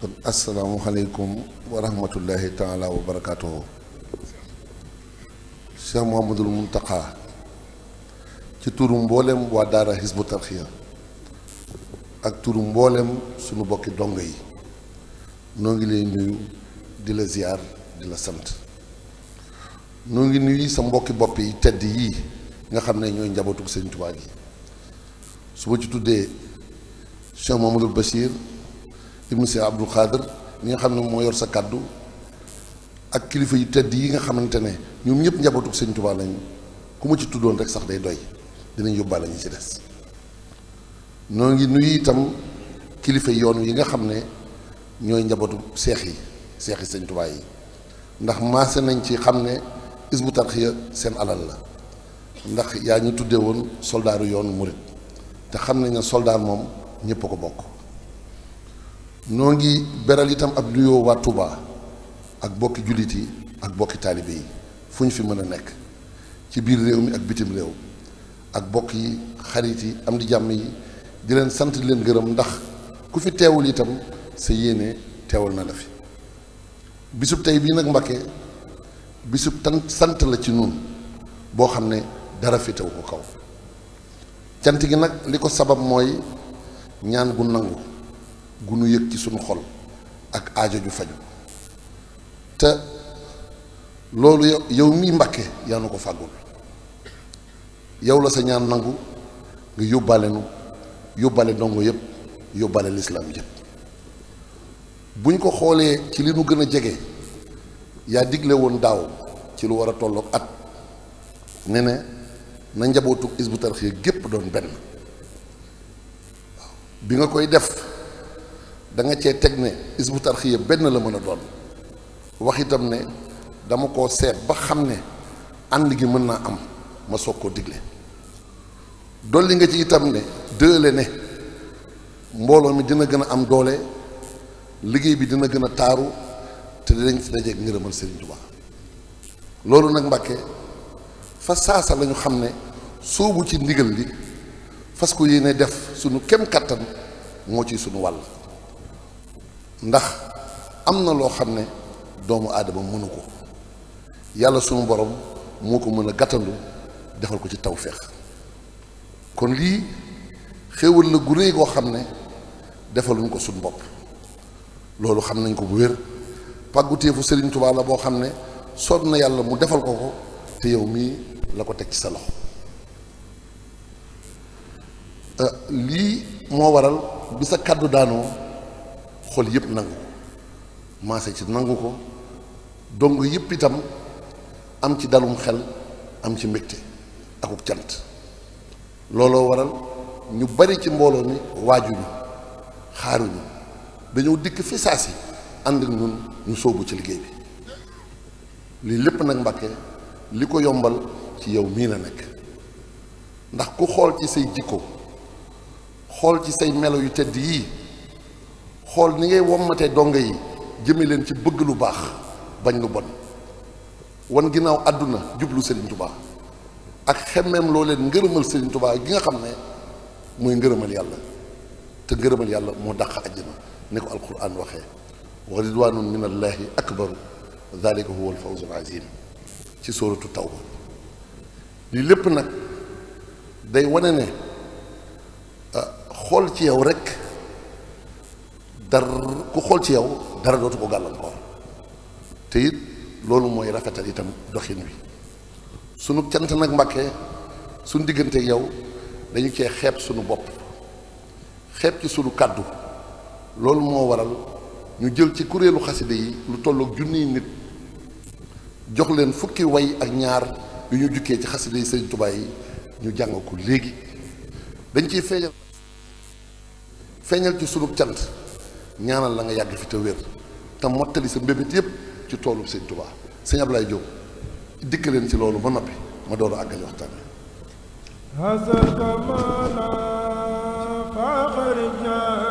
kon asalaamualeykum wa rahmatullahi taala wa barakaatuhu Cheikh Mouhamadul Muntaqa ci turu mboolem waa daara Hizbut Tarqiyyah ak turu mboolem sunu bokki dongo yi noo ngi lay nuyu di la ziar di la sant noo ngi nuyu sa mbokki bopp yi tedd yii nga xam ne ñooy njabootu Sëriñ Tuubaa gi su ma ci tuddee Cheikh Mouhamadul Bachir. ibnu Seex Abdul Xaadir mi nga xam ne moo yor sa kàddu ak kilifa yu tëdd yi nga xamante ne ñoom ñëpp njabootu sëñ Tuubaa lañ ku ma ci tuddoon rek sax day doy dinañ yóbbaale ñu ci des noo ngi nuyu itam kilifa yoon yi nga xam ne ñooy njabootu seex yi seex yi yi ndax maase nañ ci xam ne Hizbut Tarqiyyah seen alal la ndax yaa ñu tuddee woon soldaaru yoonu murit te xam nañ ne soldaar moom ñëpp ko bokk noo ngi beral itam ab nuyoo waa Touba ak bokki jullit yi ak bokki taalibe yi fu ñu fi mën a nekk ci biir réew mi ak bitim réew ak bokk yi xarit yi am di jàmm yi di leen sant leen gërëm ndax ku fi teewul itam sa yéene teewal na la fi bisub tey bii nag Mbakke bisub tan sant la ci nun boo xam ne dara fi tew ko kaw cant gi nag li ko sabab mooy ñaan bu nangu gu nu yëg ci suñu xol ak aajo ju faju te loolu yow miy mbàkke yaa nu ko fàggul yow la sa ñaan nangu nga yóbbaale nu yóbbaale ndongo yëpp yóbbaale lislaam yëpp bu ko xoolee ci li nu gën a jege yaa digle woon daaw ci lu war a tolloog at ne na njabootu Hizbut Tarqiyyah gépp doon benn bi nga koy def da nga cee teg ne isbu tarxiya benn la mën a doon wax itam ne dama koo seet ba xam ne ànd gi mën naa am ma soog koo digle dool li nga ci itam ne dëële ne mbooloo mi dina gën a am doole liggéey bi dina gën a taaru te dinañ ci dajeeg ngërëmal Serigne Touba loolu nag Mbàkke fa saasa lañu xam ne soobu ci ndigal li fasku ko yéene def sunu kem kattan moo ci sunu wàll. ndax am na loo xam ne doomu aadama mënu ko yàlla sunu borom moo ko mën a gàttandu defal ko ci tawféex kon lii xéewal na gu réy goo xam ne defaluñ ko suñ bopp loolu xam nañ ko bu wér pàggutéefu Sëriñ Tuubaa la boo xam ne soob na yàlla mu defal ko ko te yow mii la ko teg ci sa loxo euh, lii moo waral bi sa kàddu daanoo xool yëpp nangu ko maase ci nangu ko dong yëpp itam am ci dalum xel am ci mbégte akub cant looloo waral ñu bari ci mbooloo mi waajuñu xaaruñu dañoo dikk fi saa si ànd ak ñun ñu sóobu ci liggéey bi lii lépp nag Mbàkke li ko yombal ci yow mii la nekk ndax ku xool ci say jikko xool ci say melo yu tedd yii xool ni ngay wommatee dongo yi jëmmi leen ci bëgg lu baax bañ lu bon wan ginnaaw àdduna jublu Serigne Touba ak xemmeem loo leen ngërëmal Serigne Touba gi nga xam ne mooy ngërëmal yàlla te ngërëmal yàlla moo dàq àjjana ni ko alquran waxee wa ridwanun min allahi akbaru dalika huwa alfawzu alazim ci sóoratu taw lii lépp nag day wane ne ah, xool ci yow rekk dar ku xool ci yow dara dootu ko gàllankoor te it loolu mooy rafetal itam doxin wi sunu cant nag mbàkke suñ diggante yow dañu cee xeeb sunu bopp xeeb ci sunu kàddu loolu moo waral ñu jël ci kuréelu xaside yi lu tolloog junniy nit jox leen fukki way ak ñaar yu ñu jukkee ci xaside yi sëriñ tubaay yi ñu jàng ko léegi dañ ciy feeñal feeñal ci sunu cant ñaanal la nga yàgg fi te wér te mottali sa mbébét yépp ci toolu sëñ Touba sëñ Ablaye Diop dikk leen ci loolu ba noppi ma door a àggali waxtaan wi